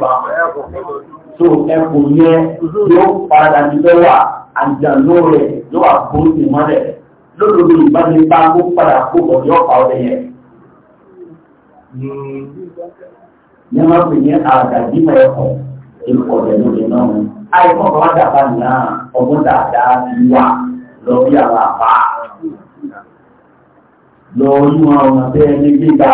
ọba tó ẹkùn yẹ yóò padà nílọ́wà àjànú rẹ̀ yóò wà kó sì mọ́lẹ̀ lódodo ìbánipá kó padà kó bọ̀ yóò pa ọdẹ yẹn. ní wọ́n pè ní àgàdìmọ̀ ẹ̀kọ́ ìkọ̀ rẹ̀ lóde náà mú. àìkọ́ bàbá dàbà nìyà ọgbọ́n dáadáa ti wà lọ bí àwọn àbá lọ wọn ọmọ bẹ́ẹ̀ gbígbà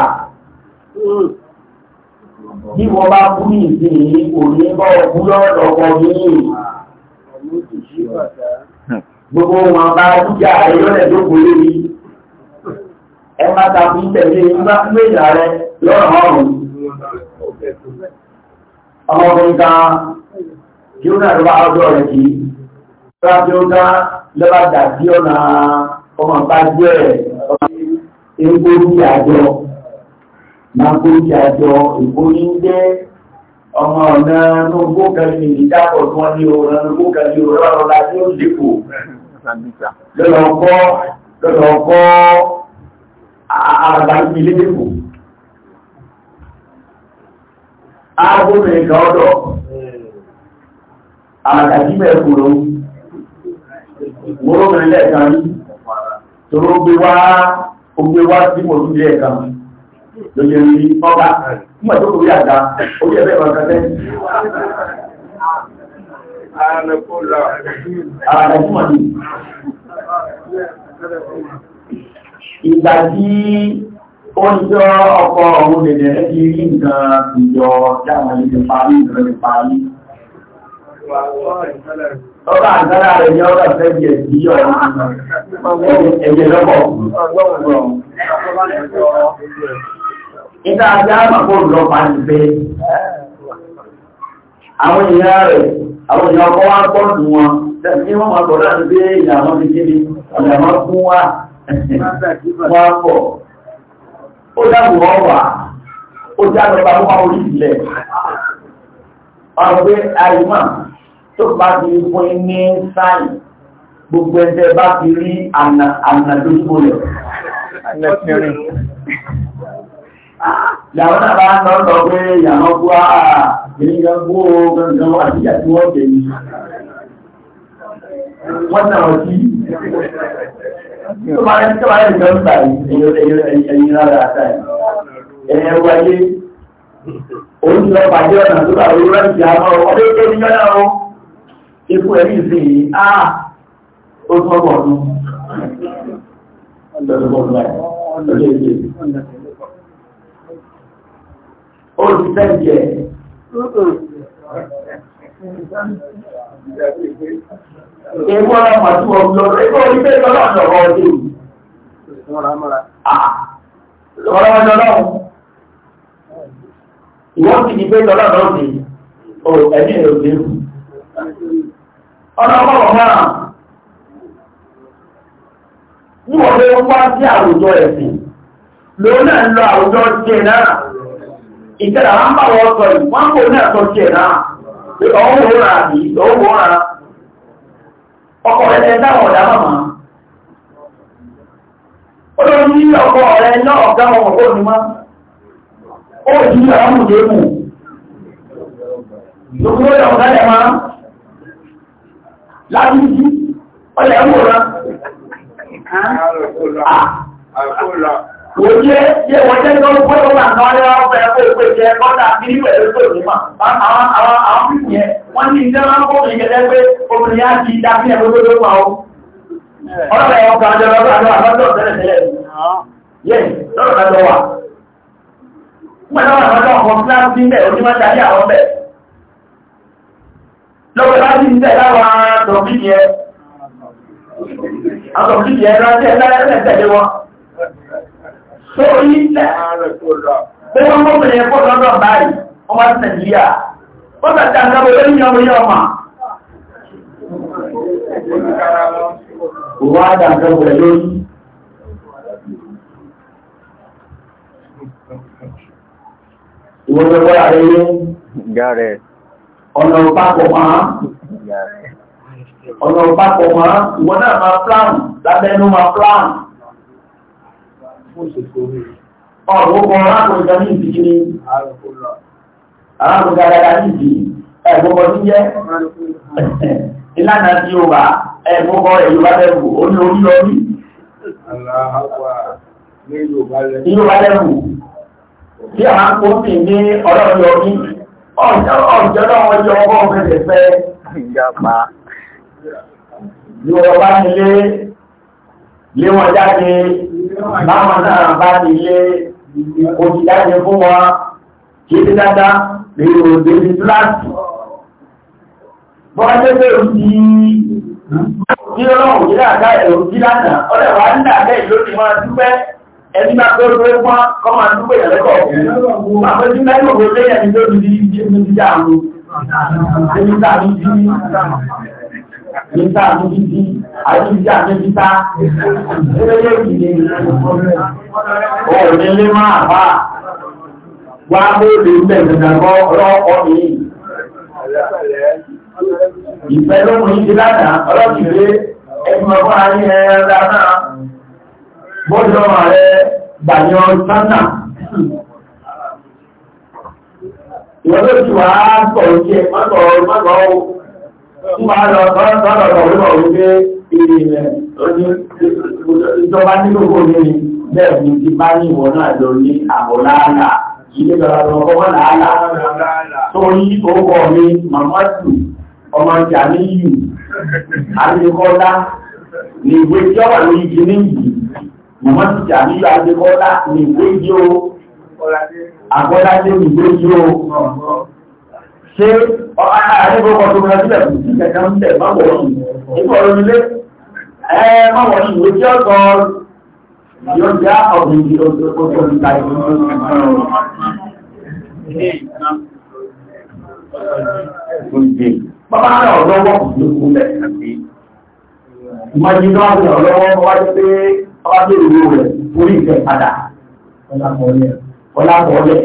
bí wọ́n bá kú ní ìsinyìí kò ní bọ́ ọkú lọ́dọ̀ọ̀kọ̀ yìí. Gbogbo wọn bá dúkìá rẹ̀ lọ́lẹ̀ tó kò lè rí. Ẹ má ta fi tẹ̀lé nígbà tí méjà rẹ̀ lọ́rọ̀ ọ̀rùn. Ọmọbìnrin kan kí ó náà lọ́ba ọjọ́ rẹ̀ kì í. Lọ́ba tí ó ká lọ́ba dà sí ọ̀nà ọmọ bá díẹ̀ ọmọ egbò ní àjọ. Magbójájọ ìgbóní jẹ́ ọmọ ọ̀nà ọgbó kẹrin ìdápọ̀ tí wọ́n ní ọ̀nà ọgbó kẹrin ọ̀rọ̀ ọ̀la tí ó lékò. Lọ́lọ́ ọkọ́ àràbà ní ilé lékò. Agbóhùn ìkà ọ̀dọ̀, àràbà jí mẹ́kùnrin, mọ́rọ̀ mẹ́lẹ̀ kan ní, lóye ní ọba nígbà tó kòrí àga ó yẹ bẹ́ẹ̀ Ìgbà tí ó ń jọ ọkọ̀ ọ̀hún dẹ̀dẹ̀ ẹ́kì rí nǹkan ìjọ dáwọn ilé parí ìrọ̀ parí. Ọba àgbára rẹ̀ ni ọba fẹ́ sí ọ̀rọ̀ ẹ̀jẹ̀ lọ́pọ̀. Ìta àti àmàkó lọ pàdé pé àwọn èèyàn rẹ̀, àwọn èèyàn ọkọ̀ wá pọ̀ nù wọn, tẹ́bí wọ́n máa bọ̀ láti pé ìyàwó ti kí ni, ìyàwó fún wá, wọ́n pọ̀. Ó dábò wọ́n wà, ó dábò bá wọ́n orí ìlẹ̀. Ọ̀rọ̀ pé àìmọ̀ tó bá ti fún ní sáyìn gbogbo ẹ̀tẹ́ bá ti rí ànà rẹ̀. Ìyàwó náà bá ń sọ sọ pé ìyàwó kú á ènìyàn kú o gangan wọ́n tẹ̀ ní. Wọ́n náà wọ́n sí. Tó máa ń tó máa ń jọ ń gbà ẹ̀yìn rárá àtàrí. Ẹ̀yẹ wáyé olùsẹ́ jẹ. Èwọ́ àmàtú ọ̀gbọ̀n ẹgbẹ́ orílẹ̀ èdè ọlọ́run lọ́wọ́ ọdún yìí. Ọ̀rọ̀ ọlọ́run. Ìwọ́n ti di pé ọlọ́run ọdún yìí. Ẹ̀mí ẹ̀ òbí. Ọlọ́run ọ̀gbọ̀n Ní ọ̀rẹ́ wá sí àwùjọ ẹ̀sìn, lòun náà ń lọ àwùjọ jẹ náà ìtẹ́lẹ̀ àwọn bá wọ́n sọ yìí wọ́n kò ní ẹ̀sọ́ tiẹ̀ náà pé ọ̀hún wò rà àbí ọ̀hún wò rà ọkọ̀ rẹ̀ tẹ́ dáwọ̀ ọ̀dà màmá. ó lọ sí ọkọ̀ rẹ̀ náà ọ̀gá ọmọ kò ní wá ó sì ní àwọn òde mù lókùn ó lọ́wọ́ sálẹ̀ máa lábíjú ọlẹ̀ ń wò rà òye yẹ wọ́n jẹ́ tó ń kó tó wà náà yọ ọ̀fẹ́ kó pé jẹ kọ́dà bí pẹ̀lú tó ní mà àwọn àwọn fíìmù yẹn wọ́n ní ìjẹ́ máa ń kó mi gẹ́gẹ́ pé obìnrin á ti dá sí ẹ̀rọ tó ló pa ó. ọ̀rọ̀ ẹ̀yọ kan jọ lọ́dọ̀ àjọ àbájọ tẹ́lẹ̀ tẹ́lẹ̀ yẹ lọ́dọ̀ àjọ wà. wọ́n lọ́wọ́ àbájọ kan kíláàsì sí bẹ́ẹ̀ onímọ̀ tàbí àwọn bẹ́ẹ̀. lọ́wọ́ bá ti ń tẹ̀ láwọn àtọ̀ sórí ilẹ̀ pé wọ́n mọ́ bẹ̀rẹ̀ ẹ̀kọ́ lọ́dọ̀ báyìí ọmọ sí nàìjíríà ó tàbí àgbàbọ̀ lórí ọmọ yọ ọmọ wọ́n àgbàbọ̀ lórí ìwọ́n lọ́wọ́ àríyé gàrẹ̀ ọ̀nà òpapọ̀ máa ọ̀nà òpapọ̀ máa ìwọ́n náà máa plan lábẹ́nú máa plan ọ̀rọ̀ kan arákùnrin kan ní ìdí kiri arákùnrin dáadáa ní ìdí ẹ̀gbọ́gbọ́ tí jẹ́ ìlànà tí ó bá ẹ̀gbọ́gbọ́ èyí bá lẹ́bù ó ní orí lọ́rí ìlú bá lẹ́bù tí a máa ń kó sí ní ọlọ́rí ọdí ọjọ́ náà wọ́n jẹ́ ọgbọ́n fẹ́fẹ́ lé wọn jáde báwọn náà bá ti lé òjì jáde fún wọn kí ní dáadáa lè rò débi kíláàsì bọ́n jẹ́ pé ó ti bí ọlọ́run yìí dáadáa ẹ̀rọ jí lánàá ọlẹ́ wa ń dà bẹ́ẹ̀ ló ti máa dúpẹ́ ẹni máa tó lórí wọn kọ́ máa dúpẹ́ yẹn lẹ́kọ̀ọ́ fún àwọn tí mẹ́rin òwe lẹ́yìn ẹni tó ti nígbà àmójútí àtúntí àmójútá lórí ìdílé ọ̀rẹ́ lé máa bá wá bóòlù ilẹ̀ ìgbàgbọ́ ọlọ́pọ̀ mi. Ìfẹ́ ló mú ìdí láta ọlọ́pìnrin ẹgbẹ́ Ìwọ́n ló ti wà á sọ̀rọ̀ sí Ìjọba nílò kò ní bẹ́ẹ̀ ni ti bá ní ìwọ̀n náà lọ ní àwọ̀ láàlá, ilé bẹ̀rẹ̀ ọ̀pọ̀ láàlá. Torí orúkọ mi, Màmọ́tù, ọmọ Jàmíyù, Adékọ́lá, ní ìwé tí ó wà ní igi ní ìyí. Màmọ́tù ṣe àrẹ́gbọ́gbọ́ tó máa sílẹ̀ fún ìjẹta ń tẹ̀ máwọ̀rún ìgbọ̀rún ilé ẹ̀ẹ́mọ̀wọ̀rún ìwé tí ó sọ yóò jẹ́ ọ̀gbìn ìgbòkòtò ìgbà ìgbòkòtò Bàbá rẹ̀ ọ̀lọ́wọ́ lókún lẹ̀ àti ìmọ̀jìnà rẹ̀ ọ̀lọ́wọ́ wáyé pé ọwá tó ìwò rẹ̀ orí ìfẹ́ padà. Ọlápọ̀ọ́lẹ̀.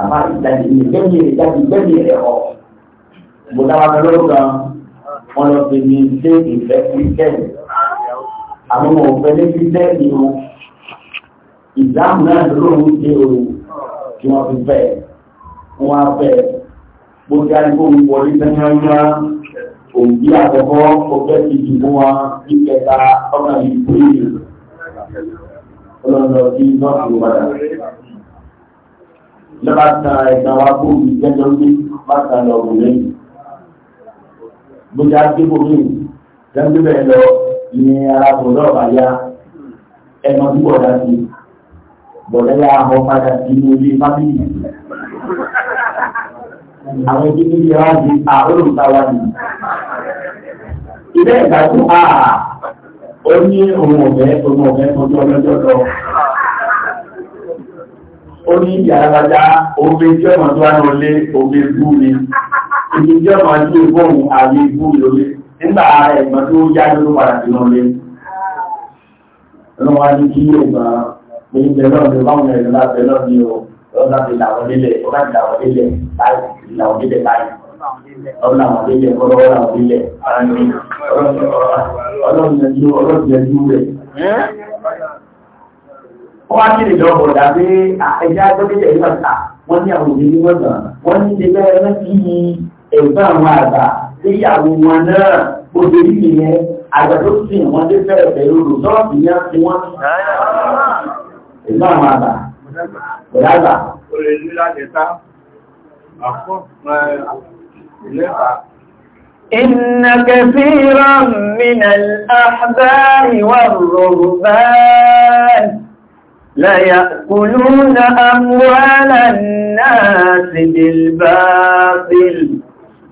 àmọ́ ìdájí ní bẹ́ẹ̀ni rẹ̀ jáde bẹ́ẹ̀ni rẹ̀ ọ̀ mo dáwà fẹ́ lọ́rọ̀ kan wọ́n lọ fi ní ilé ìfẹ́ kírísítẹ́nì àwọn ọmọ òfẹ́ ní kírísítẹ́nì o ìdáhùn náà lóòrùn ṣe o kí wọ́n fi fẹ́ wọ́n á fẹ́ bó ti àdúgbò ń wọlé tẹ́yányá òbí àkọ́kọ́ ọgbẹ́ ti jù fún wa ní kẹta ọkàn ìgbóyè ọlọ́dọ̀ sí nọ́ọ̀sì padà lọ́ba ta ẹ̀ka wa kó omi jẹ́jọ́ gbé má ta lọ òun lẹ́yìn. Bóyá débò mí, jẹ́ńdé bẹ́ẹ̀ lọ ní arákùnrin náà bá yá ẹ̀mọ́ tí bọ̀dá sí. Bọ̀dá yá ahọ́ padà sí inú ilé fábílì. Àwọn ẹbí ní ìyá wájú àrólùta wá ní. Ilé ìgbà tó a, ó ní òun ọ̀fẹ́, òun ọ̀fẹ́ tọ́jú ọlọ́jọ́ lọ ó ní ìyàrábájá omi tí ọmọ tó wánà lé omi bú ni ibi tí ọmọ tí ó bọ̀ àmì bú lórí nígbà ẹ̀gbọ́n tó yá ló padà sí lọ lé ọ̀nà wa ní kí ẹ̀gbọ́n ní ilẹ̀ náà ní báwọn ẹ̀rọ láti ẹ̀rọ ní o ọ̀nà ti làwọn délẹ̀ ọ̀nà ti làwọn délẹ̀ láì làwọn délẹ̀ láì ọ̀nà àwọn délẹ̀ ọ̀nà làwọn délẹ̀ ọ̀nà ọ̀nà ọ̀nà ọ̀nà ọ̀nà wá sí lè lọ́bọ̀ dàbí ẹja gbọ́dẹ́jẹ̀ yìí ọ̀tà wọ́n ní àwọn òbí wọn náà wọ́n ní ilé bẹ́ẹ̀ rántí ẹ̀gbọ́n àwọn àgbà síyàwó wọn náà gbogbo yìí yẹn àgbà tó sì wọ́n dé fẹ́ẹ̀ pẹ̀lú olùsọ́ọ̀tì yẹn tí wọ́n ti ẹ̀gbọ́n àwọn àgbà pẹ̀lú àgbà. olè ní láti ta àkọ́ ilé ta. إن كثيرا من الأحبار والرهبان ليأكلون أموال الناس بالباطل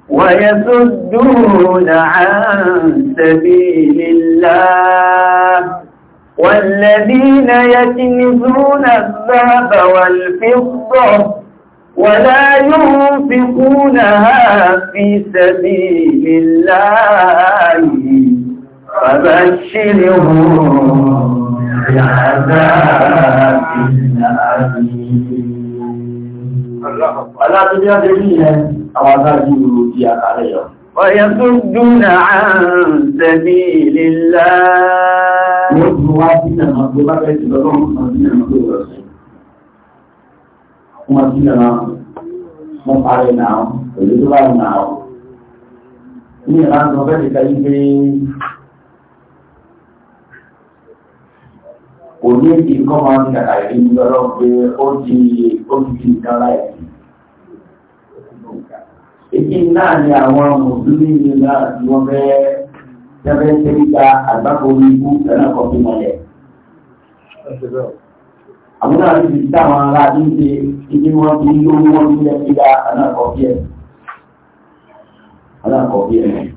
ويصدون عن سبيل الله والذين يكنزون الذهب والفضة ولا ينفقونها في سبيل الله فبشرهم بعذاب ولا عليهم ويصدون عن سبيل الله wọ́n ti nà wọ́n parí nà ọ́ èyí tó bá nà ọ́. Ní ìlànà ọ̀fẹ́ ti ka yí pé kò ní èdè kọ́ máa ń kàkà ìdí lọ́rọ́ pé ó ti ó ti di nǹkan láì sí. Èyí náà ni àwọn mùsùlùmí náà tí wọ́n fẹ́ tẹ́fẹ́ tẹ́lẹ̀ gba àgbákò orí ikú ẹ̀rọ kọ̀ọ̀tún mọ́lẹ̀ àwọn náà ti ará ní ṣe ibi wọn ti ní orí wọn sílẹ̀ sí alákọ̀ọ́bí ẹ̀ alákọ̀ọ́bí ẹ̀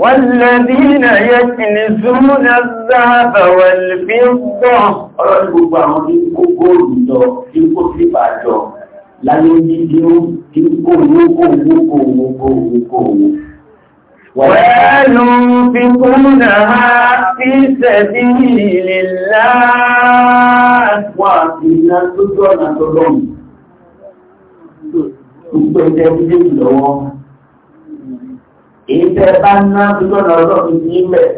والذين يكنزون الذهب والفضة ọ̀rọ̀ ní gbogbo àwọn tí kó góòlù jọ tí kó sípà jọ tí kó وينفقونها في سبيل الله وفينا تجونا تجونا Ìgbẹ̀jẹ̀ ìdí ìlọ́wọ́. Ìfẹ́ bá ná lọ́nà ọlọ́run ní ilẹ̀.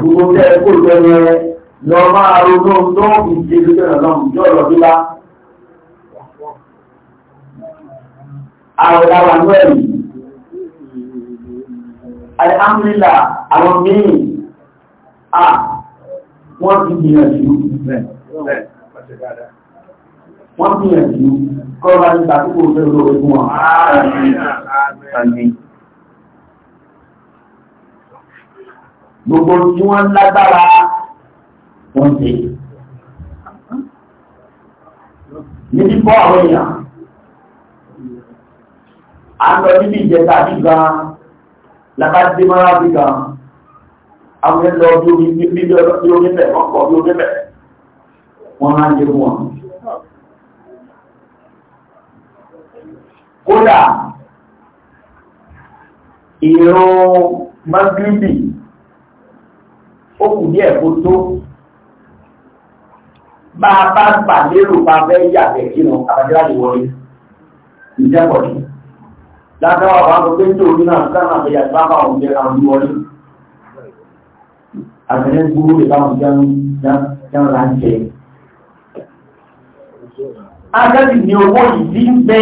Gbogbo tẹ́ kó jẹ́ lọ máa ronú tó ìṣèlú tẹ́lẹ̀ lọ́run jọ́ lọ́dúnlá. àwọ̀dáwà lọ́ẹ̀lì alhamdulillah àwọn mìí à wọ́n ti gbìyànjú wọ́n gbìyànjú kọ́lá ní tàbíkò fẹ́rọ ogun wọn gbogbo tí wọ́n lágbára wọ́n tẹ́ ní bíbọ́ àwọn èèyàn àlọ́ níbi ìjẹta ní gan lábájé mara bí gan àwọn ẹlọ bí omi ní bí bí omi bẹ̀ wọ́n pọ̀ bí omi bẹ̀ wọ́n máa ń jẹ fún wọn. kódà ìrún magribi ó kù díẹ̀ kó tó bá a bá gbà lérò bá fẹ́ yàgbẹ́ kí nù àbájáde wọlé ìjẹ́pọ̀ yìí lágbàwà bá gbogbo tí orí náà sáà àgbẹ̀yà sábà òjẹ́ àwọn olúwọlé àtẹ̀lẹ́ gbogbo lè báwọn jẹun láńjẹ agbẹ́bì ni owó ìdí ń bẹ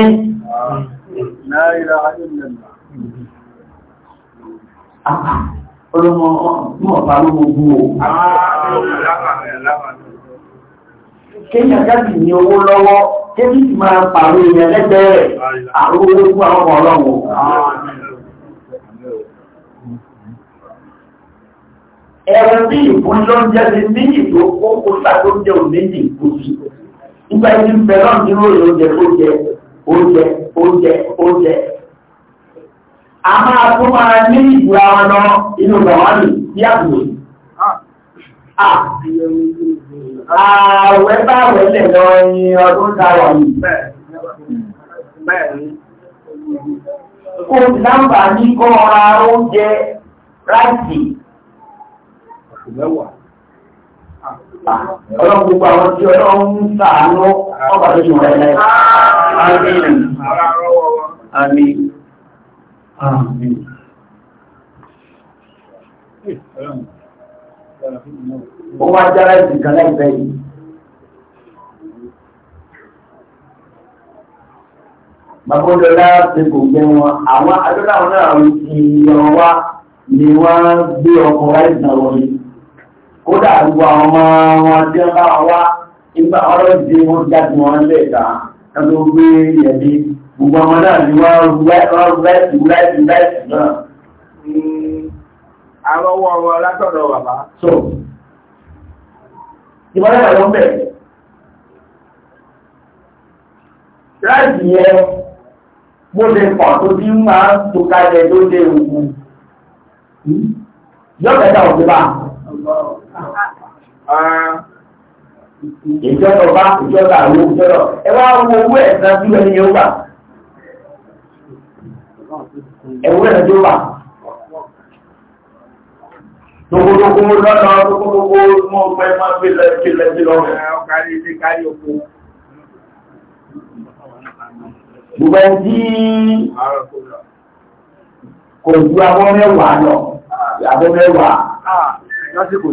olómọ ọ̀pá ló gbogbo kéèyàn jáde ní owó lọ́wọ́ kéèkì sì máa pàrọ̀ èèyàn lẹ́gbẹ̀ẹ́ rẹ̀ àwọn owó fún àwọn ọmọ ọlọ́run ẹ̀rọ tí ìfún lóúnjẹ ti níyì tó kó kó sàtóúnjẹ ò méjì kú sí nígbà tí ń bẹ̀rọ̀ nínú oúnjẹ tó jẹ oúnjẹ oúnjẹ oúnjẹ a máa tó máa ní ìgbà wọn lọ inú bàwárì sí Ààwẹ̀ báwẹ̀ lè lọ ní ọdún dáwà yìí. Kò námbà ní kọ́ ọra oúnjẹ ráìtì. Ọlọ́run gbogbo àwọn tí ọlọ́run ń sàánú ọba tó ṣùgbọ́n ẹ̀lẹ́. Àmín. Àmín. Àmín. Ọlọ́run wọ́n wá jára ìsìnkà láìpẹ́ yìí babọ́dọ́lá ṣe kò gbẹ wọn àwọn adọ́lá wọn náà rí ìyàn wá ni wọ́n gbé ọkọ̀ láìsàn wọn ni kódà gbogbo àwọn ọmọ wọn tí wọ́n bá wá nígbà ọ̀rọ̀ ìdí wọn jáde wọn lẹ́ẹ̀ta lọ́dọ̀ gbé ìyẹ̀dí gbogbo ọmọ náà ni wọ́n rú láìsí láìsí láìsí náà. àwọn ọwọ́ wọn látọ̀dọ̀ bàbá ìmọ̀lẹ́ wà lọ́wọ́ bẹ̀. láti yẹ bó ṣe pọ̀ tó ti máa tó kalẹ̀ tó ṣe òkú yọ́kẹ̀ẹ́ta òfin bá ìjọba àwọn òjọ́rọ̀ ẹwà owó owó ẹ̀sán tí wọ́n ní yóò Gbogbogbò lọ́nà gbogbogbò mọ́ pẹ́ máa fi lẹ́kílẹ̀ sí lọ́rẹ̀. Ọkàrí sí kárí oko. Gbogbo ẹ̀ tí kò ju abọ́ mẹ́wàá lọ, abọ́ mẹ́wàá. Lásìkò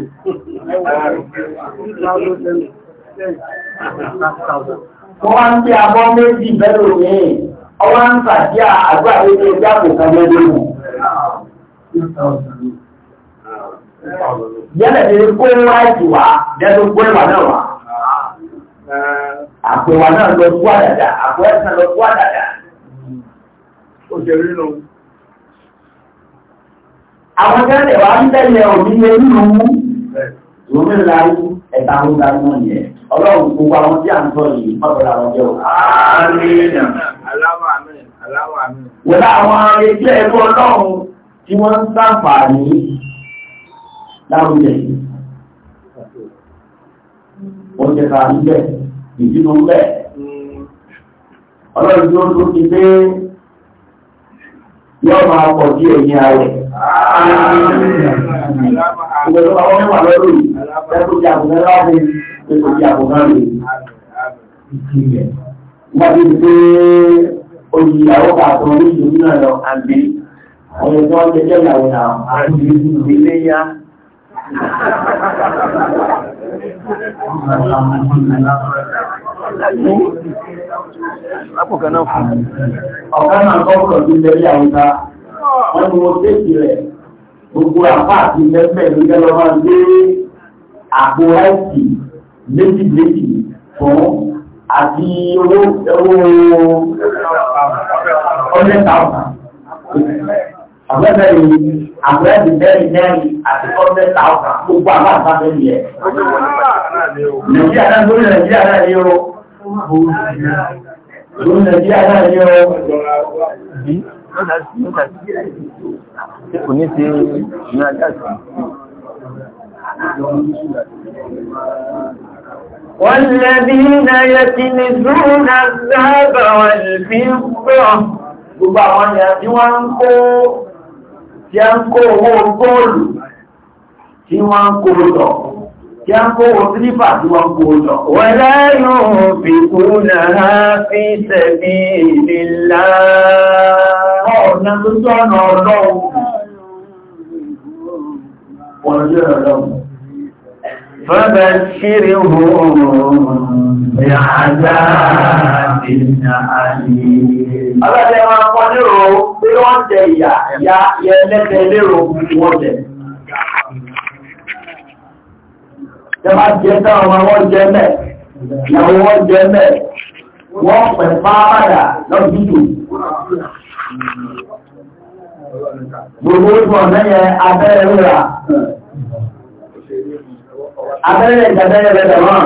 Wọ́n wá ń gbé abọ́ méjì bẹ́rù ní ọwá ń tàbí àgbà ilé ìjábò kan lẹ́gbẹ̀rún. Yẹ́lẹ̀ ti ní kó ńlá ìtì wá, jẹ́tò kó ìwà náà wá. Àpò ìwà náà lọ kú àdàdà, àpò ẹ̀sìn lọ kú àdàdà. Ó ṣe rí nù. Àwọn kẹ́lẹ̀ wá ń tẹ̀lé òbí lé nínú mú. Ìwọ́n ńlá ẹ̀ta ló ga náà yẹn. Ọlọ́run gbogbo àwọn tí à ń sọ yìí, mọ́tò làwọn jẹ́ òkú. Àmín. Aláwọ̀ àmín. Aláwọ̀ àmín. Wọ́n láwọn wọ́n láwùjẹ yìí oúnjẹ kan ń bẹ ìdínú ń ọlọ́run tí ó tún ti pé yóò máa pọ̀ sí ẹ̀yìn ààrẹ ìgbẹ̀rún àwọn mẹ́wàá lọ́rùn ẹ̀kọ́ ti àbùkán láàrin ẹ̀kọ́ ti àbùkán rẹ̀ wọ́n ti pé olùyàwó kàtó oríṣiríṣi náà lọ àgbẹ̀ ọ̀yẹ̀ tí wọ́n ti jẹ́ ìyàwó náà àti ìdílé yá Lápò kan náà fún. Ọ̀gá náà kọ́kọ̀ sí lẹ́yìn àwùjá, wọ́n ni mo tẹ́kì rẹ̀, gbogbo àpá àti mẹ́fẹ́ ló jẹ́ lọ́wọ́ gbé àpò láìsì méjì fún àti owó ọlẹ́ta ọ̀gá àwọn ẹbí mẹ́rin mẹ́rin àti kọ́ńtẹ́ tàwọn gbogbo àwọn àgbàdo yẹ. nàìjíríà náà lórí nàìjíríà náà ní o. lórí nàìjíríà náà ní o. kò ní ti ní ajá sí. والذين يكنزون الذهب والفضة gbogbo àwọn ìyà wọ́n ń kó tí a ń kó owó góòlù tí wọ́n ń kó lọ tí a ń kó owó sílífà tí wọ́n ń kó lọ. wọ́n láyùn fi kúnà á fi tẹ̀mí ìlélá ọ̀nà tó tọ́nà ọlọ́run ọ̀nà tó tọ́nà ọlọ́run فبشرهم ìnà àyè. Ọlọ́dẹ máa ń kọ́ lérò pé wọ́n jẹ ìyà ìyá ẹlẹ́tẹ lérò wọ́n jẹ. Jẹba jẹ táwọn ọmọ wọn jẹ mẹ́, ìyàwó wọn jẹ mẹ́, wọ́n pẹ̀ fáwádà lọ́dúndù. Gbogbo ìgbọ̀ mẹ́yẹ abẹ́rẹ́ rírà. Abẹ́rẹ́ ìjàbẹ́rẹ́ rẹ̀ dẹ̀ wọ́n.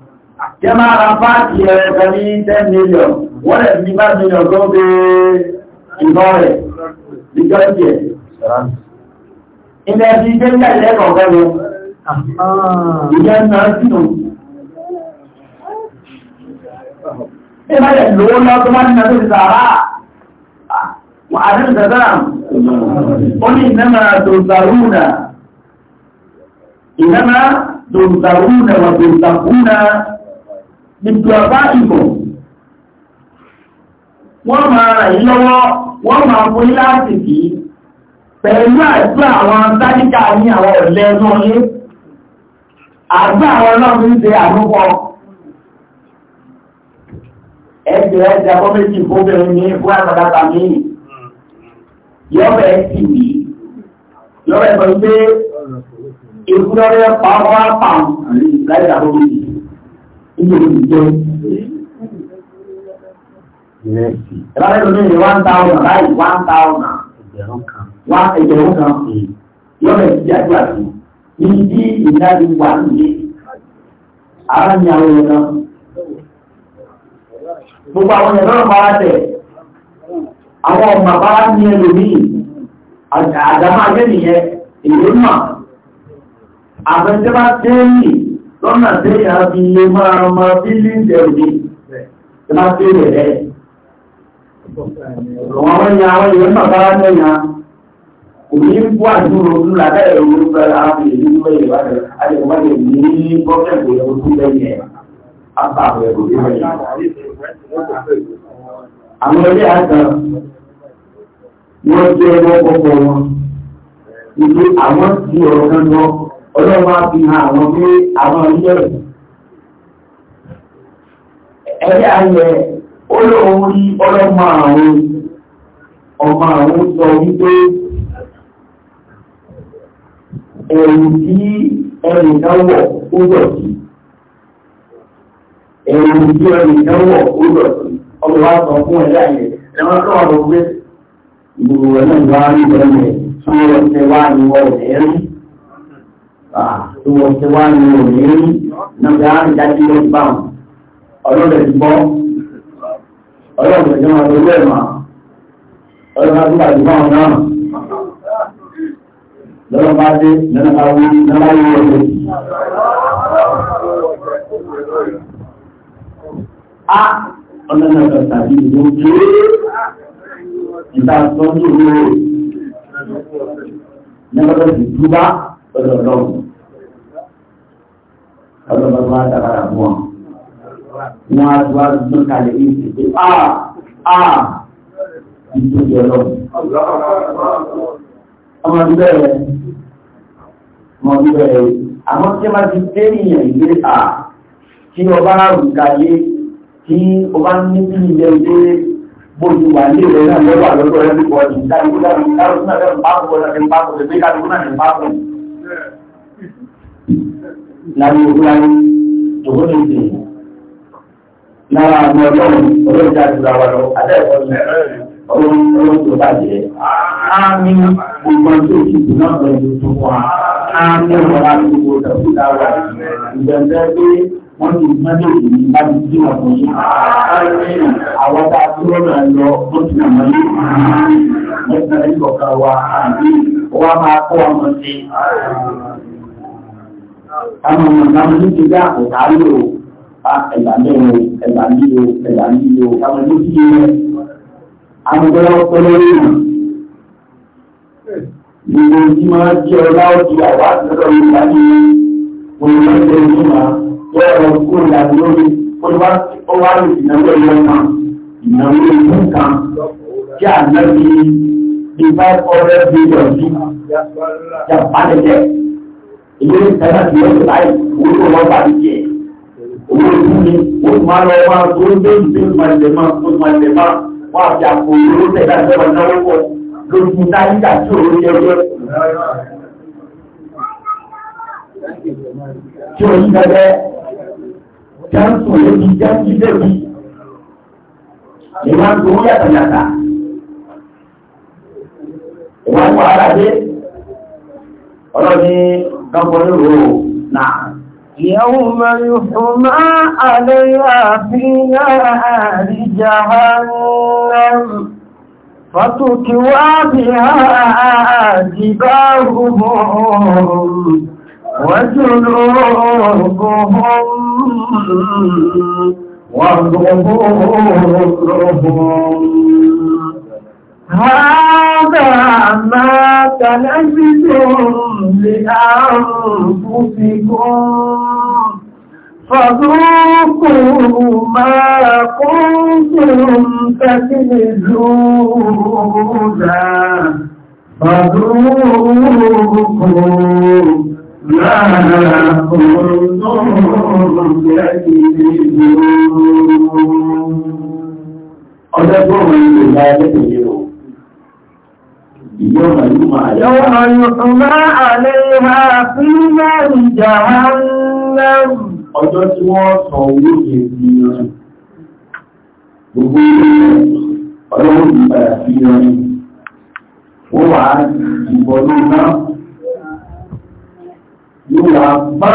jẹ́ máa ra páàkì ẹ̀ẹ̀kan ní 10 million wọ́n rẹ̀ ní 5 million tó bẹ ìbọn rẹ̀ níjọ́ ìjẹ́ ilẹ̀ ti jẹ́ ìjẹ́ ọ̀gá lọ ìjẹ́ náà sínú ìbáyẹ̀ lówó lọ tó máa nínú ìsàrá wà àdínú ìsàrá ó ní ìnáma tó sàrúnà ìnáma tó sàrúnà wà tó sàkúnà ìgbọ̀bá ìbọ̀ wọ́n máa rà yí lọ́wọ́ wọ́n máa fún láti kì í pẹ̀lú àìsí àwọn sáníkà ní àwọn ọ̀lẹ́ ẹ̀nà lé àgbà àwọn ọlọ́run ń ṣe àmúkọ ẹgbẹ̀ ẹgbẹ̀ ọmọ méjì fóbẹ̀rẹ̀ ní fún àgbàdàgbà míì yọ́bẹ̀ sì ní yọ́bẹ̀ sọ pé ìfúnlọ́rẹ́ pàápàá pàm láìsàbómi ilé ìjẹ ìrẹsì. ìbára ẹ̀rọ ní one thousand láì one thousand. ẹgbẹ̀rún kan. wá ẹgbẹ̀rún kan. yọ̀bẹ̀ ti di àdúrà sí i. ní bí ìdájú wà nìyẹn. ara ní àwọn ẹ̀rọ kan. gbogbo àwọn ẹ̀rọ náà fara tẹ̀. àwọn ọmọ bàbá ní ẹlòmíì. àdámọ́ ajẹ́ nìyẹn. èyí ó mà. àbẹ̀tẹ́ bá dé yìí lọ́nà tí a fi lè máa ma bí líǹdẹ̀ òní tí máa fi rẹ̀ rẹ̀. Àwọn ọ̀yà àwọn ìwọ̀n bàbá mẹ́yà kò ní bú àdúrò ní làbẹ́ ìlú pẹ̀lú àwọn ìlú pẹ̀lú ìwádìí àyẹ̀wádìí ní bọ́kẹ̀kù ẹ̀kú tó lẹ́yìn ẹ̀ àpapọ̀ ẹ̀kú tó lẹ́yìn. Àwọn ilé àtàn wọ́n jẹ́ ọkọ̀ wọn. Ìlú àwọn tí ọlọ́wọ́ fi hàn àwọn pé àwọn ilé ẹ̀yà ayẹ olóòwò rí ọlọ́mọ àwọn ọmọ àwọn sọ wípé ẹ̀rù tí ẹ̀rù dáwọ̀ ó dọ̀tí ẹ̀rù tí ẹ̀rù dáwọ̀ ó dọ̀tí ọmọ wa sọ fún ẹ̀yà ayẹ ẹ̀wọ́n tó wà lọ pé ìgbòho ẹ̀rọ ìwà rí ẹ̀rẹ̀ tí wọ́n ti wá ní wọ́n ẹ̀rí tó wọ́n ti wá ní òní nàbẹ̀ àrídájú ló bá wọn ọlọ́rẹ̀ ti bọ́ ọlọ́rẹ̀ ti wọn lórí ẹ̀mà ọlọ́rẹ̀ ti bá wọn náà lọ́rọ̀ bá dé lọ́rọ̀ bá wí lọ́rọ̀ yìí wọlé. a ọlọ́rẹ̀ kan tàbí ìlú kéré ìta sọ́jú rẹ̀ nígbà tó ti túbá lọ́dọ̀ lọ́wọ́ ọ̀dọ̀ bàbá àtàkàrà mọ́ wọn á tó wá gbé kalẹ̀ yìí pé a a ìtòjọ lọ́wọ́ ọmọ bí bẹ́ẹ̀ ọmọ bí bẹ́ẹ̀ àmọ́ tí wọ́n ti dé ìyẹn ìgbé a tí ọba àrùkàyé tí ọba níbi ilẹ̀ ilé bóyí wà ní ìrẹ̀ náà lọ́wọ́ àlọ́dọ̀ ẹ̀rí bọ́ọ̀lì dáadúgbò dáadúgbò náà ní pápọ̀ láyé láyé tòun ní ìdè lára àwọn ọlọ́run olóòjì àdúrà wa lọ adẹ́ẹ̀kọ́ ní ọlọ́run tó bàjẹ́ àmì gbogbo tó ti dùn náà lọ ìlú tó wà àmì ọ̀rọ̀ àti gbogbo tẹ̀sí dáwà ìgbẹ̀ǹdẹ́ pé wọ́n ti mẹ́lẹ̀ èyí bá ti jí wọn a dúró náà lọ wọ́n ti táwọn ọmọ táwọn ní ti dá ọ̀tá lò ó ẹ̀gbà bẹ́ẹ̀ o ẹ̀gbà bí o ẹ̀gbà bí o táwọn ní ti yẹ amúgbọ́lá ọpọlọ lónà. Gbogbo tí máa jẹ́ ọlá ọdí àwọn àtúntò ìgbà ní olùmọ̀ọ́dẹ ìgbìmọ̀ yọ ọ̀rọ̀ kó ìlànà lórí ó wá lè ìnáwó ẹ̀yọ kan ìnáwó ìlú kan tí à ń lọ bí five hundred billion bí jàpá lẹ́jẹ̀ èyí ní sábà tí wọ́n ti láì owó tó wọ́n bá ti jẹ owó tó ní wọ́n ti máa lọ máa tó ń dé ìdí ìmọ̀ ilẹ̀ máa tó máa ilẹ̀ máa wọ́n àti àpò ìlú tẹ̀lé àjọba náwó pọ̀ lójú táyíkà tí òun yẹ yẹ. tí òun gẹ́gẹ́ jáǹsù lébi jáǹsì lébi ìwà tó yàtọ̀ yàtọ̀ ìwà tó ara dé ọlọ́ni. قبره نعم يوم يحمى عليها في نار جهنم فتكوى بها جباههم وجنوبهم وظهورهم هذا ما تلبتم لأنفسكم فذوقوا ما كنتم تكذبون فذوقوا ما كنتم تكذبون ọjọ́ tó wọ́n ń lè bá ẹgbẹ́ يوم يحمى عليها في نار جهنم ọjọ́ tí wọ́n sọ owó ìrìnrìn gbogbo ọlọ́run ìpàdà sí ìrìn wọ́n wà ìbọn lóná yíwa bá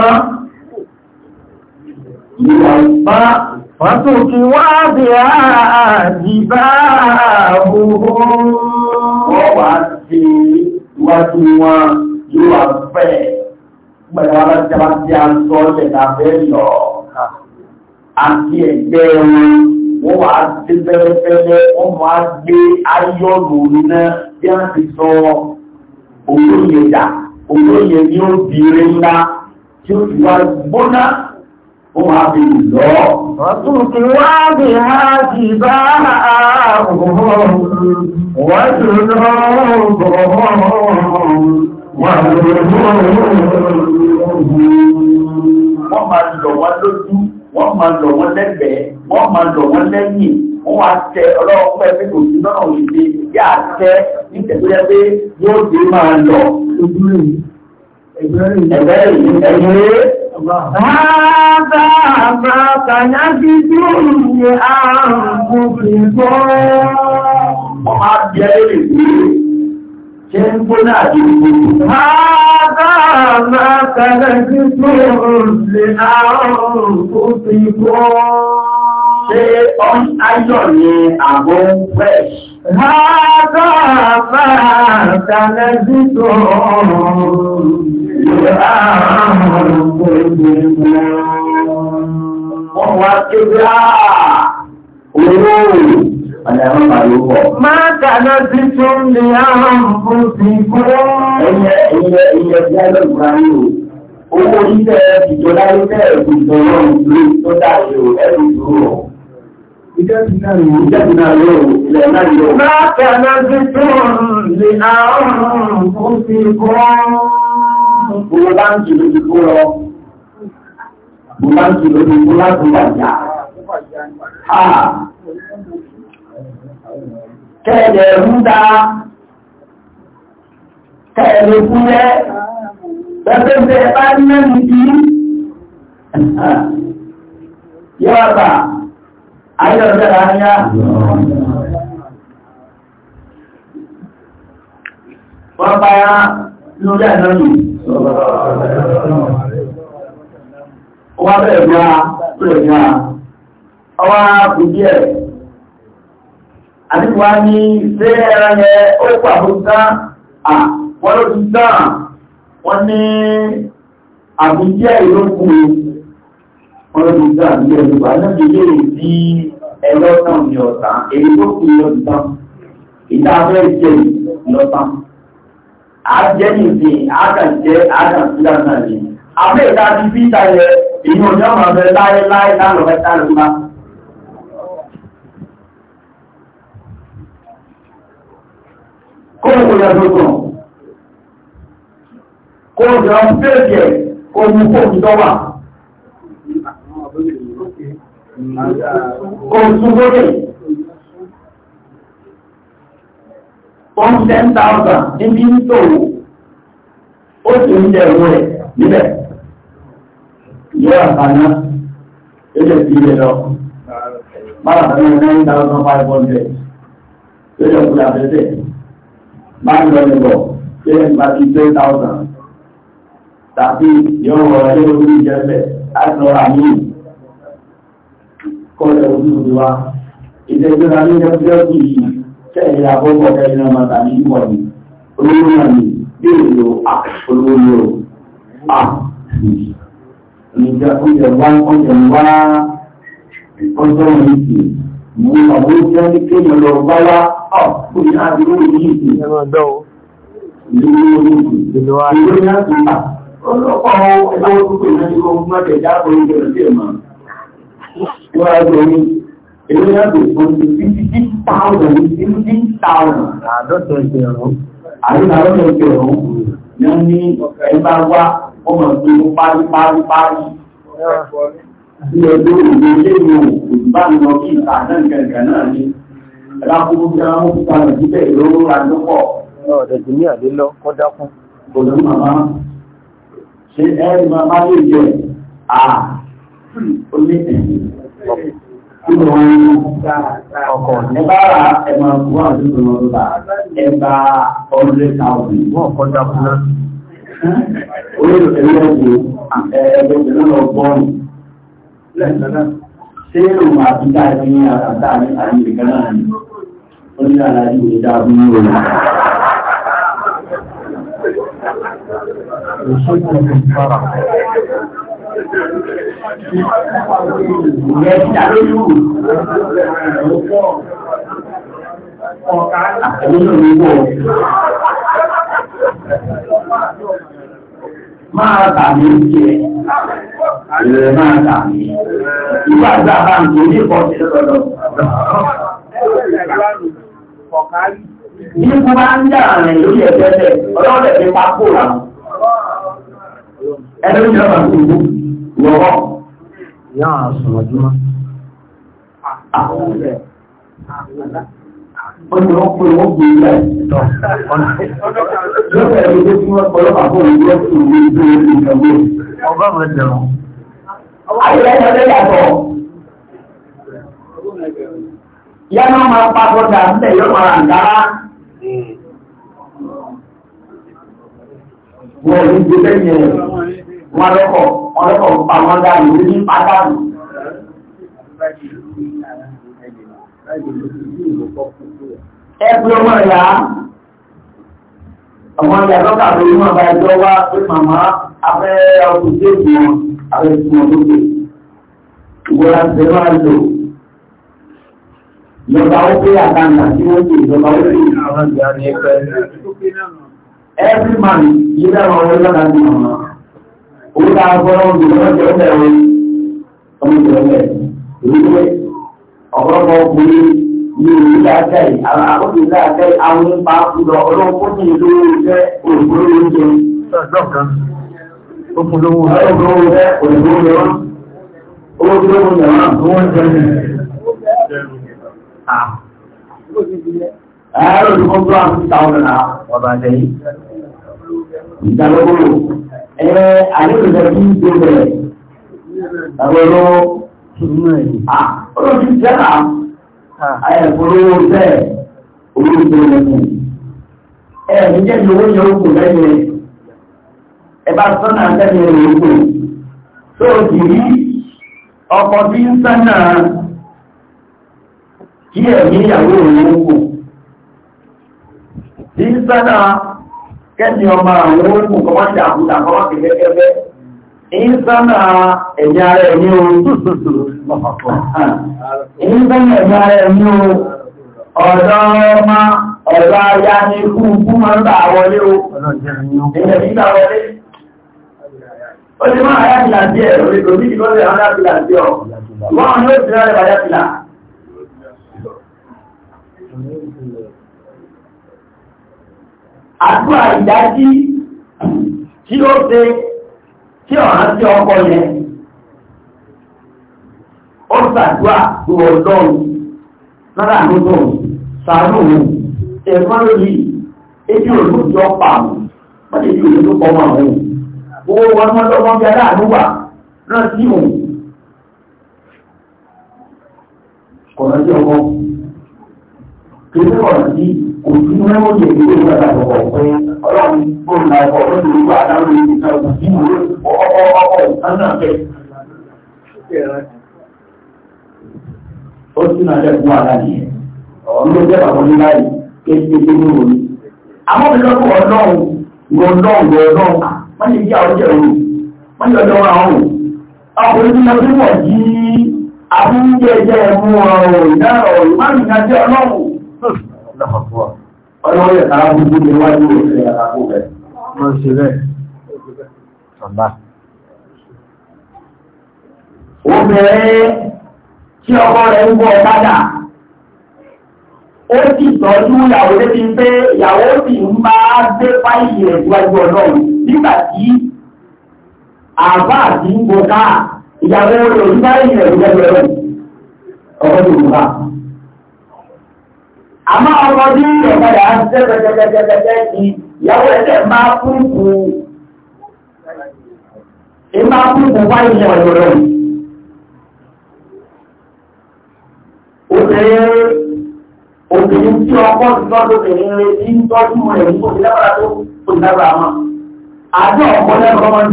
yíwa bá fàtòkì wá bí i àjíbá sí iwájú wọn yóò wà fẹ́ pẹ̀lú alájára tí a ń sọ lẹ́nà fẹ́ lọ àti ẹgbẹ́ wọn wọ́n wà á ti fẹ́rẹ́fẹ́rẹ́ wọ́n wà á gbé ayọ́lù iná bí a ti sọ olóyè dà olóyè ni ó di ire ńlá tí ó ti wá gbóná وَتُرْكِ وَعْدِهَا جِبَاهُهُمْ وَجُنُوبُهُمْ Wọ́n máa lọ wọ́n lójú, wọ́n máa lọ wọ́n lẹ́gbẹ̀ẹ́, wọ́n máa lọ wọ́n lẹ́yìn, wọ́n wá tẹ ọlọ́run pẹ́ kò sí lọ́nà òyìnbí, yá tẹ́ ní tẹ̀gbẹ́ pé yóò dé máa lọ. Ẹgbẹ́ rẹ̀ ẹgbẹ́ rẹ̀ هذا ما كنبتم لأنفسكم Ṣé ń gbóná àti ìgbòho? Hádá máa kàlẹ̀ sí tó lè àrùn tó ti gbọ́. fresh? Hádá máa kàlẹ̀ Wọ́n wá kéde àà olóòrùn àyàwó àlòpọ̀. Máa tún ní àwọn fún sí fún. Ẹyẹ ẹyẹ ẹyẹ bí alọ́gbà ní o. Owó iṣẹ́ ìjọba iṣẹ́ ìjọba ọlọ́run ló tó dáṣe o ẹ̀rù ìdúró. Ìjẹ́ gbogbo báńkì ló ti kó lọ gbogbo báńkì ló ti kó láti wàjà kẹ́ẹ̀dẹ̀ rúdá kẹ́ẹ̀dẹ̀ fúnlẹ̀ pẹ̀pẹ̀pẹ̀ bá mẹ́rin bí yọ́ọ̀bà ayọ́ọ̀dẹ́ra yá wọ́n bá yá lórí àjọ́ yìí Ọwá bẹ̀rẹ̀ ní a, bẹ̀rẹ̀ ní a, ọwá kù díẹ̀. Àdíkù wá ní ṣé ẹran yẹ ó pàbó tán, à, wọ́n ló ti tán, wọ́n ní àbújẹ́ ìlókù wọ́n ló ti tán ní ẹ̀lúgbà náà ti lè rí ẹlọ́tàn ní ọ̀tàn, èyí tó kù lọ́tàn, ìdáfẹ́ ìjẹ́ àjẹ́ ìdè àkànjẹ́ àkànjẹ́ àkànjẹ́ àmì ìta ti fi ìtayẹ inú ọjọ́ máa bẹ láyé láyé lálọ́ mẹ́ta ló má. kóòtù yẹ tuntun kóòtù yẹ fèèkì omi kóòtù tó wà one ten thousand níbi ń tòwò ó sì ń jẹ ìwé rẹ̀ níbẹ̀ yóò àbáná ilé sí ilé lọ bára bẹ́ẹ̀ nine thousand five hundred yóò jẹ́ òkúta àbẹ́sẹ̀ máa ń lọ níbọ̀ yóò jẹ́ ìgbà tí three thousand tàbí yóò wọ ilé orí ìjẹ́sẹ̀ láti lọ àmì kọ́ ilé ojú ìwà ìjẹ́gbẹ́ra tẹ́lẹ̀ àkókò tẹ́lẹ̀ náà máa tàbí wọ̀ ní olówó náà ní bí èlò olówó ní o a oúnjẹ oúnjẹ wá oúnjẹ wá ọjọ́ ìrìnsì mú àwọn oúnjẹ ní kéèyàn lọ bá wá ọ̀ kó ní àdúgbò yìí sí ìlú oníṣì ìlú ní àdúgbà ọlọ́pàá ẹgbẹ́ wọn tó pè ní àdúgbò mọ́tẹ̀ jáàbọ̀ oúnjẹ rẹ̀ sí ẹ̀mọ́ èyí náà lè fún mi fifty thousand fifty thousand. àádọ́tọ̀ ìgbẹ̀rún. àyíká àádọ́tọ̀ ìgbẹ̀rún ni wọ́n ní ẹ̀ bá wá ọmọ tó ń parí parí parí. ní ọdún ìwé ilé mi ò bá mi lọ kí ìta náà gẹ̀gẹ̀ náà ni ẹ̀dá kúrú bí wọ́n fi kalẹ̀ síbẹ̀ ìlóró ra ló pọ̀. ọ̀dẹ̀ jù ní àdé lọ kọ́ dákún. kò ní màmá nínú wọn ní ọkọ̀ ẹ̀bá ẹ̀mọ̀ wọ́n nínú wọn ló bá ẹ̀bá ọ̀rẹ́ tàbí wọ́n kọ́ dákúná. Olóòtú ẹ̀yọ́ wo ẹgbẹ̀rún lọ bọ́ọ̀lù. Ṣé òun àti dáadé ní àtàtà ní àyè ni? Ó ní àlàyé ìwé dáadé Máa tàbí jẹ, ìrẹ̀ máa tàbí. Ìgbà àgbà bá ń tó ní ìkọ́ sí Ní kú bá ń jà rẹ̀ lórí ẹ̀fẹ́fẹ́, ọlọ́rẹ̀ fi pa kó rà. ìjọba tó wù, yá àṣùn ọdúnmá. Ọjọ́ wọn pè wọ́n gbé ilẹ̀ ìtọ̀. Lọ́pẹ̀ ẹ̀rọ tó fún ọ̀pọ̀lọpọ̀ àpò ìlú ọ̀sùn ní ìlú ìjọba. Ọgọ́rùn-ún ẹgbẹ̀rún. Ayé ẹ̀jọ̀ lé yàtọ̀. Yá máa máa pàtó dà ń máa dára. Wọ́n ní gbé wọn lọ́kọ̀ wọn lọ́kọ̀ pa wọn dànù ní ní pàdánù. ẹgbẹ́ ọmọ ìyá ọmọ ìyá lọ́kà lórí wọn bá ẹjọ́ wá pé màmá abẹ́ ọkùn tó èdè wọn abẹ́ ìtumọ̀ lókè ìwọ́n ti rán àjò ìjọba ó pé àtàǹtà tí wọ́n ti ìjọba ó pé ní ẹgbẹ́ every òun tá a gbọ́dọ̀ ń lò lọ́jọ́ mẹ́rin ọmọ ìjọba mẹ́rin èyí pé ọ̀pọ̀lọpọ̀ ọkùnrin ní ìlú láàkàì àwọn akọ́kùn láàkàì àwọn ipa kúlọ ọlọ́pọ̀ ní ìlú oúnjẹ òògùn oúnjẹ. ọjọ́ kan ó fún lówó oúnjẹ òògùn oúnjẹ wọn owó tí ó mú yàrá fún oúnjẹ ní. ààrẹ olùkọ́ tó àti táwọn náà wọ́n bá jẹ́ yìí ìdálógóró àdéhùnjẹ́ kí ṣe bẹ̀rẹ̀ ẹ̀rọ olóòtú jẹ́ra ẹ̀fọ́rọ̀ bẹ́ẹ̀ olóòtú lẹ́kùn ẹ̀rọ jẹ́ ìlú oúnjẹ òkú lẹ́yìn ẹ̀bá sọ́nà lẹ́yìn òkú tó ti rí ọkọ̀ tí ń sánà kí ẹ̀mí ìyàwó òun òkú tí ń sánà kẹ́ni ọmọ àwọn ogun kọmọ́ ti àbúdà kọmọ́ ti gẹ́gẹ́gẹ́ ìsánà ẹ̀yà rẹ̀ ní o ìsánà ẹ̀yà rẹ̀ ní o ọ̀dọ́ ọmọ ọ̀dọ́ ayá ní ikú ikú máa ń bà wọlé o ìyẹ̀ nígbà wọlé ó ti máa ayá àdúrà ìdájí tí ó ṣe tí ọ̀rán tí ọkọ yẹn ó ṣàdúrà tó ọlọ́run lára àdúgbò sàánù ẹ̀fọ́n lórí ebi olóòjọ́ wọ́n lè fi tó àwọn owó wọn mọ́ lọ́gbọ́n bí aláàánú náà ọkọ̀ kìí òtún mẹ́wọ́n lè ní ìwé àtàkọ̀kọ̀ pé ọlọ́run gbóhùn àkọ́ lórí ìlú àdáwọ̀ èdè náà kò sí ìwé ọkọ̀ ọkọ̀ ìtànà bẹ́ẹ̀. ó sì náà lẹ́kùn wà láàyè ọ̀rọ̀ ló jẹ́ bàbá ní láyé kéékèèké ní òní. àwọn mi lọ́kọ̀ ọlọ́run gbọ̀ndọ̀n gbọ̀ndọ̀n wọ́n ti jẹ́ ọjọ́ òru wọ́n ti ọjọ́ àwọn òru. ọkùnrin tí wọ́n ti wọ̀ jí abúlé jẹ́ ẹ̀mú ọ̀rọ̀ ìdáhùn ọ̀rọ̀ ìmáàmì náà jẹ́ ọlọ́run ọlọ́wọ́ yẹ̀ sára ní wájú òṣèlú àkókò rẹ̀. wọ́n ṣe bẹ́ẹ̀. ọ̀la. ń pé ìyàwó sì ń bá gbé fáìlì rẹ̀ síwájú ọlọ́run nígbà tí àbá ń bọ̀ káà ìyàwó rẹ̀ ò fáìlì rẹ̀ síwájú ọlọ́run ọkọ̀ àmọ́ ọmọ ọdún yìí ọ̀padà á ti tẹ́tẹ́tẹ́tẹ́tẹ́ ní ìyàwó ẹ̀sẹ̀ máa fún kù ẹ máa fún kù wáyé ní ọ̀dọ̀ rẹ̀. obìnrin obìnrin tí ọkọ ti tọ́ lóbìnrin rẹ̀ ti ń tọ́jú rẹ̀ ní kò sí lábàrá tó kò sí lábàrá mọ́. àjọ ọkọ lẹ́nu ọmọ ń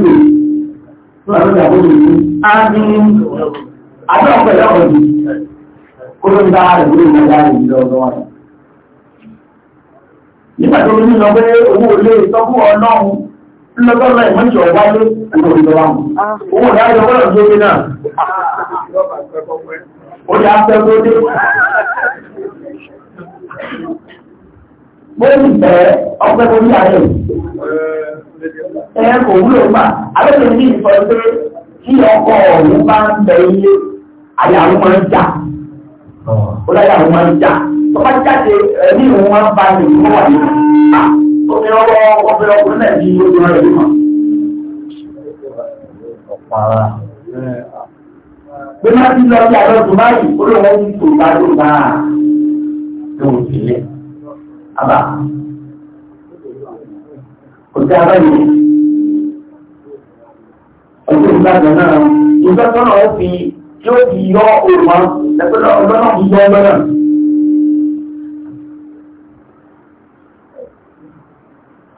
lò fún àwọn ìyàwó mi ní ábí àjọ ọkọ ìyàwó mi kó nígbà tó ní lọ pé owó ilé ìtọ́kù ọlọ́run lọ́tọ́lọ́ ìmọ̀jọ wáyé ẹ̀kọ́ ìjọba owó ìdájọ́ ọlọ́run tó gbé náà ó yà fẹ́ tó dé mo ń bẹ̀ ọgbẹ́ tó ní ayé ẹ̀ kò wúlò mà alẹ́ ní ìfọ̀ pé tí ọkọ̀ ọ̀hún bá ń bẹ ilé àyàwó máa ń jà ó láyàwó máa ń jà tó jáde ẹ̀mí òun wá bá lè mú wà nínú ọ̀pẹ ọwọ́ ọ̀pẹ ọkùnrin náà ní ojú ọ̀rẹ́ yìí pé má ti lọ sí àlọ́ tó báyìí ó lè tó bá tó bá a tó ń tilẹ̀ àbá kò sí abáyé ìgbàgbọ́ náà ìgbàgbọ́ náà ó fi yóò fi yọ òun wá lẹ́gbẹ́ náà ọgbọ́n náà fi yọ ọgbọ́n náà.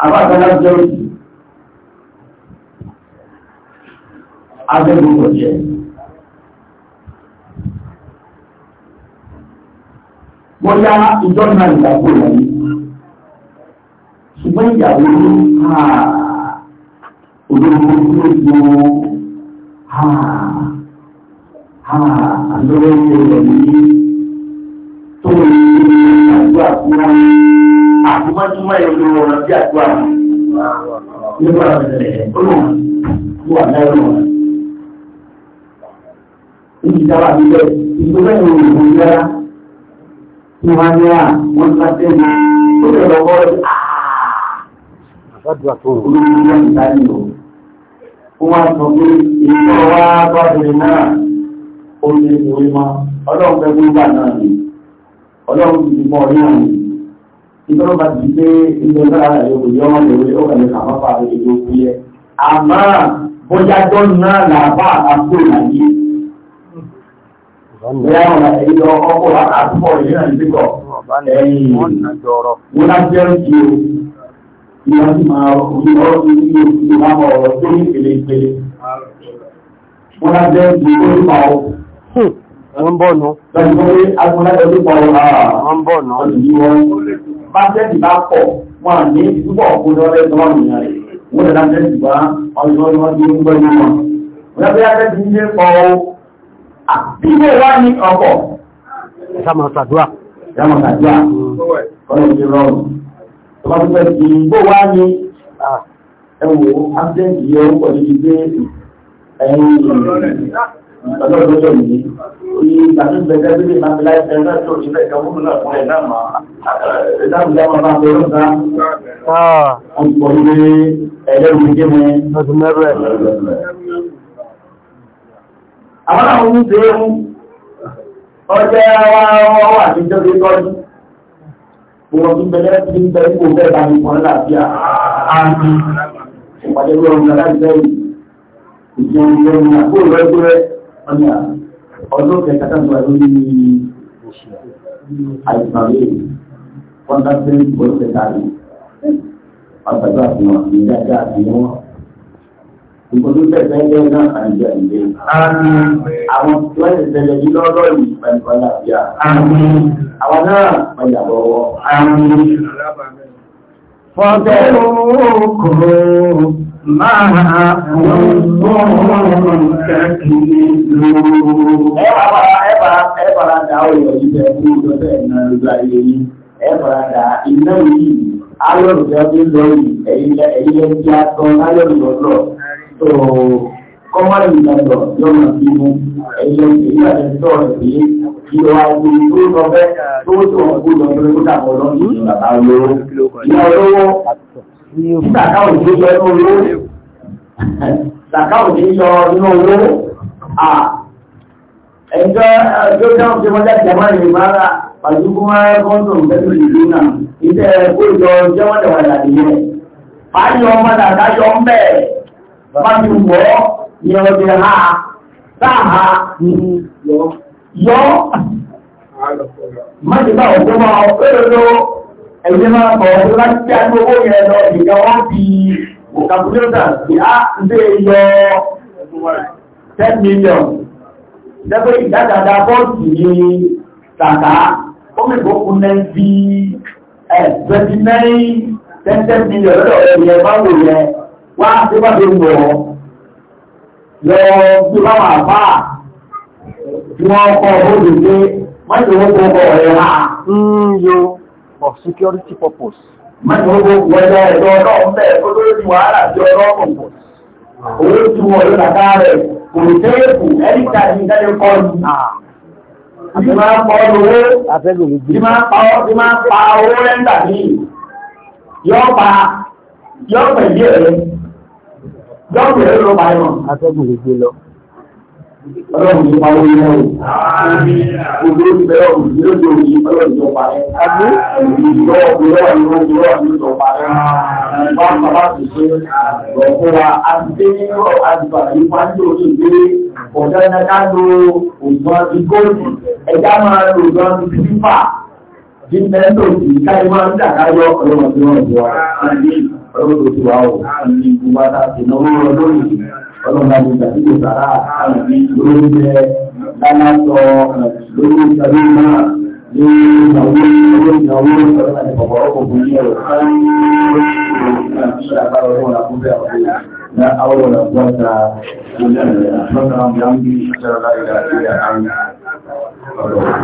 àbákaná jẹ́ òsì agbẹ́gbogbo jẹ́ bóyá ìjọ náà ìgbàgbò lẹ́yìn ṣùgbọ́n ìyàwó ló káà olóògbé tí ó gbọ́ àlọ́wọ́ ilé rẹ̀ ní tó ń gbàgbọ́ àtúmọ̀túmọ̀ ìlú ọ̀rọ̀ sí àtúwà nípa ọ̀rẹ́ olóhùn wà lẹ́rù wọn. Níbi ìjọba àbílẹ̀ ìjọba ìròyìn ìròyìn rárá tí wọ́n ní à wọ́n ti pàṣẹ ní ó lè lọ́wọ́ rẹ̀ àádọ́dúrà tó rò. Olóhùn wọn ti dárí o. Wọ́n wá sọ pé ìjọba wa bá ni ọlọ́run ti mọ ìtọ́rọ̀ bá ti pé ilé náà ẹ̀kọ́ yọ ọmọ ìwé ó kàlẹ̀ kà máa fàá ètò ìpìlẹ̀ àmọ́ bójájọ́ náà làbá àkókò ìlàyé ìyá ọ̀nà ẹ̀yọ ọkọ̀ àkókò ìlànà ìdíkọ̀ ẹ̀yìn wọn á jẹ́ ìṣe ìyá sì máa ojú ọ̀rọ̀ sí ilé ìṣe máa Wọ́n bọ̀ nù. Lọ́sọ̀rọ̀ agbọ́nlá bájẹ́tì bá pọ̀ wọn ní púpọ̀ kó lọ́rẹ́ lọ́rùn yẹn rẹ̀ wọ́n lè lájẹ́tì wá ọjọ́ ni wọ́n ti ń ọkọ̀. sámọ̀ sàdúrà. sámọ̀ ọlọ́run ló yìí oye ìgbàdún gbẹgbẹ bí lè máa fi láì fẹ́ náà tó ti fẹ́ ìjọba òun náà fún ẹ̀ náà mọ́ ìdáhùn ìjọba máa fi lọ́ta wọ́n pọ̀ ní ẹ̀lẹ́rù ní jẹ́ mi. àwọn àwọn ohun tó yẹn ọjọ́ wa wọ́n wà ní ìjọba ìtọ́jú wọn tún bẹ̀rẹ̀ ti ń bẹ ipò bẹ́ẹ̀ bá mi pọ̀n láàbíà ààbí ìpàdé ọ̀nà ọdún kẹta tàbí lórí àìsànlẹ̀ kọ́ńtàkì ọdún kẹta rẹ̀ àgbàdo àfihàn ní dáadáa àfihàn wọn. Ìgbòdó tẹ̀sẹ̀ ẹgbẹ́ náà àìjẹ́ ìgbé. Àwọn tí wọ́n ti tẹ̀lé yìí lọ́rọ̀ yìí pẹ̀lú ọlá bíà. Àwọn náà pẹ̀lú àbọ̀wọ̀. فذروكم ما كنتم تكذبون ẹ̀bàrà dà ọ̀yọ̀ ibẹ̀ fún ìjọba ẹ̀nà ìgbà yìí ẹ̀bàrà dà iná yìí ayọ̀rùjọ́ bí lọ́yìn ẹ̀yìn lẹ́yìn tí a tán ayọ̀rùjọ́ lọ tó kọ́mọ́lì ìlànà yóò máa fi mú ẹ̀yẹ ìyá rẹ̀ sọ̀rọ̀ sí ìlọ àti ìlú ọ̀fẹ́ tó tó ń kú lọ lórí kódà kan lọ sí bàbá olówó. Ìyá olówó sàkà òjò yọ inú olówó sàkà òjò yọ inú olówó. Ẹjọ́ ẹjọ́ tí wọ́n ti wọ́n jáde àwọn ìrìnmára pàdúkú máa ń kọ́ńtò ìtẹ́tù ìlú náà. Ìtẹ́ kó ìjọ jẹ́ wọ́n dẹ̀wà ìlànà yẹn. Fáyọ̀ ọmọdé àtàyọ̀ ń bẹ̀. Má ti wọ̀ ọ́ yọ ọdẹ ha táàhà yọ májèlá ọ̀pọ̀ máa ọ̀pẹ́rẹ̀ lọ ẹ̀yẹ máa bọ̀ ọ̀pọ̀ láti tí a ní owó yẹn lọ ìgbà wọ́n fi òkàbúlẹ́dà sí á lè yọ 10 million lẹ́gbẹ́ ìdádàdà bọ́ọ̀sì ní tàkà ó mẹ́gbọ́ kún náà bí 29 10 million lọ́dọ̀ ẹ̀yẹ máa wò yẹ wá sí bá tó ń bọ̀ lọ sí báwọn àbá tí wọ́n kọ́ òde pé mọ́tòwó tó kọ ọ̀rẹ́ ha. ń mm, yo for security purpose. mọ́tòwó tó kọ ẹ̀dọ́ ẹ̀dọ́ ọlọ́run bẹ́ẹ̀ kó lórí wàhálà sí ọlọ́run pọ̀. owó tí wọ́n yóò kàkà rẹ̀ kò tẹ́ẹ̀kù ẹ̀ríkà ní ìdájọ́ kọ́ ni. Àti ah. máa ń pọ̀ lówó, àti máa ń pa owó rẹ́ńdà míì, pa, yọ́ pẹ̀lú Jọ́ọ̀bù ẹ̀rọ ló parí mọ̀. Atẹ́gùn lè gbé lọ. Ọlọ́run ló parí mọ́ o. Òjò ti bẹ̀rẹ̀ òjò ló ti òjì ọlọ́run tó parí. Àbí? Ìjọba òjòwà ni wọ́n ti rọ̀ ní tó parí. Wọ́n ọlọ́dọ̀ tí wà ó ní ìgbà láti náwó lórí ọlọ́dọ̀ àti ìgbàsíkò sàrà àti lórí jẹ lálátọ̀ lórí ìtàlú náà ní ìnáwó ìnáwó ìnáwó ọlọ́dọ̀ àti bàbá ọkọ̀ fún ní ẹ̀rọ لا أول قوة إلا بالله، سبحان الله وبحمده، أشهد أن لا إله إلا أنت، أستغفرك